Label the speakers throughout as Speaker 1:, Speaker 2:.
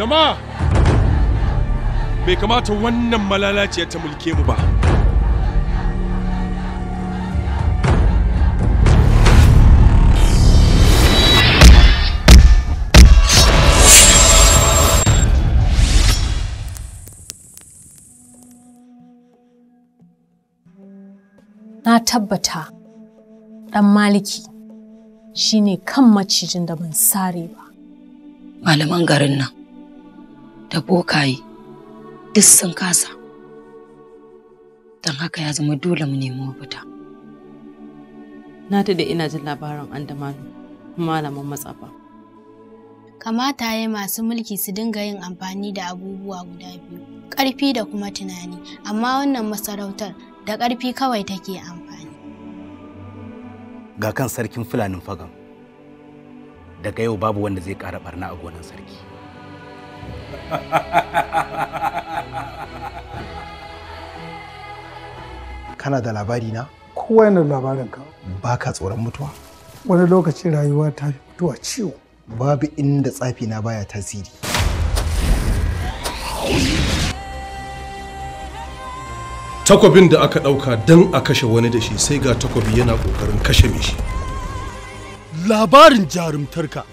Speaker 1: jama'a bai kamata wannan malalaciya ta mulke mu ba na tabbata ɗan maliki shine kan macijin da ban sare ba. Malaman garin nan da bokaye duk sun kasa don haka ya zama dole mu nemi mafita na da ina jin labarin andamanu malamin matsafa kamata ya masu mulki su dinga yin amfani da abubuwa guda biyu ƙarfi da kuma tunani amma wannan masarautar da ƙarfi kawai take amfani ga kan sarkin fulanin fagan daga yau babu wanda zai ƙara barna a gonan sarki kana da labari na kowa yana labarin ka ba ka tsoron mutuwa wani lokacin rayuwa ta fi mutuwa ciwo babu inda tsafi na baya tasiri takwabin da aka ɗauka don a kashe wani da shi sai ga takwabi yana ƙoƙarin kashe mishi labarin jarumtarka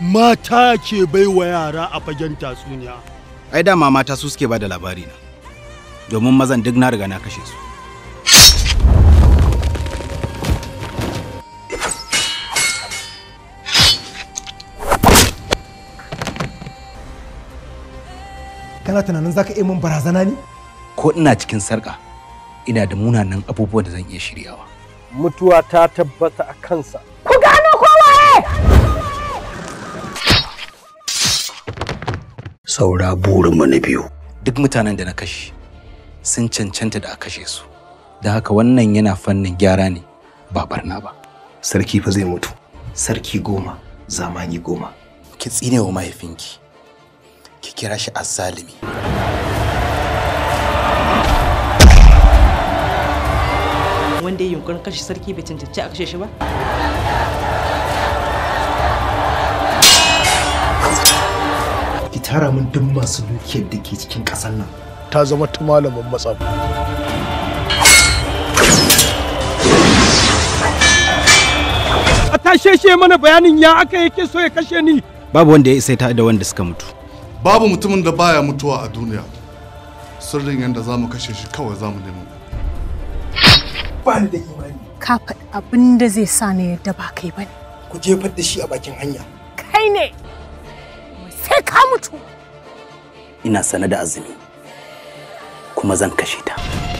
Speaker 1: mata ke baiwa yara a fagen tatsuniya ai dama mata su suke ba da labari na domin mazan duk na riga na kashe su kana tunanin zaka iya min barazana ne ko ina cikin sarƙa, ina da munanan abubuwan da zan iya shiryawa mutuwa ta tabbata a kansa ku gano kowaye saura burinmu na biyu duk mutanen da na kashe sun cancanta da a kashe su da haka wannan yana fannin gyara ne ba barna ba sarki fa zai mutu sarki goma zamani goma ki tsine wa mahaifinki ki kira shi azzalimi wanda ya yunkurin kashe sarki bai cancanci a kashe shi ba tara min duk masu dukiyar da ke cikin ƙasar nan ta zama ta malamin matsaf a tashe mana bayanin ya aka yake so ya kashe ni babu wanda ya isa ta da wanda suka mutu babu mutumin da baya mutuwa a duniya sirrin yadda za mu kashe shi kawai za mu nemo ba ni da imani ka faɗi abin da zai sa ni yadda ba kai ba ne ku jefar da shi a bakin hanya kai ne a mutu ina sane da azumi kuma zan kashe ta